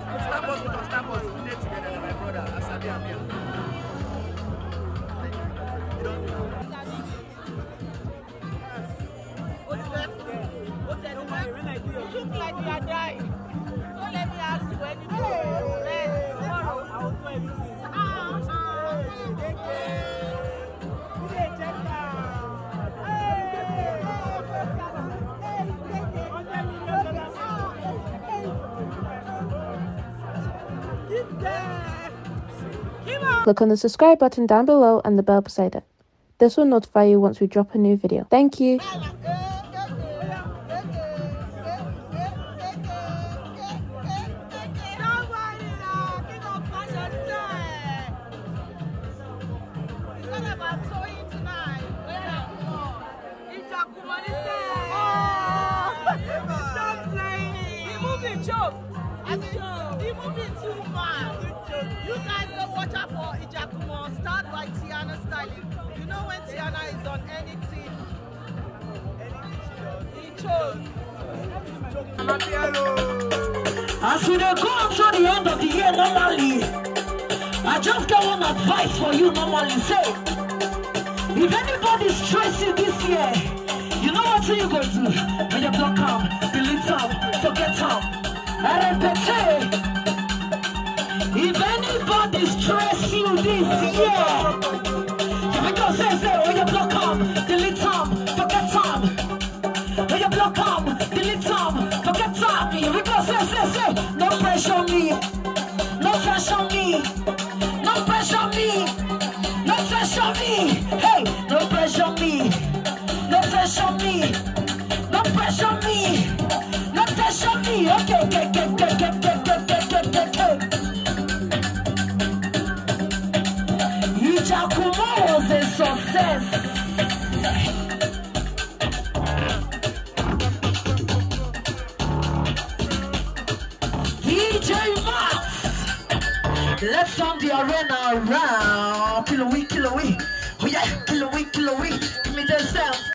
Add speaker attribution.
Speaker 1: Stampos, Stampos, we did together with my brother, Asabi Amir. Look like you are dying. Don't let me ask you anything. Hey, hey, hey, hey, hey,
Speaker 2: Click on the subscribe button down below and the bell beside it. This will notify you once we drop a new video. Thank you.
Speaker 1: I mean, the movie too fast. You guys go watch out for Ijakumo. Start by Tiana styling. You know when Tiana is on anything, he chose. As we go to the end of the year normally, I just got one advice for you normally. Say, if anybody stress you this year, you know what you go do? When you block out, delete out, forget out. I repeat, if anybody stress you this year, go say say, when you delete forget When you delete forget go say say say, no pressure me. acumulados de success. Let's turn the arena around. Kill a week, kill a week. Oh yeah, kill a week, kill a week. Give me the sound.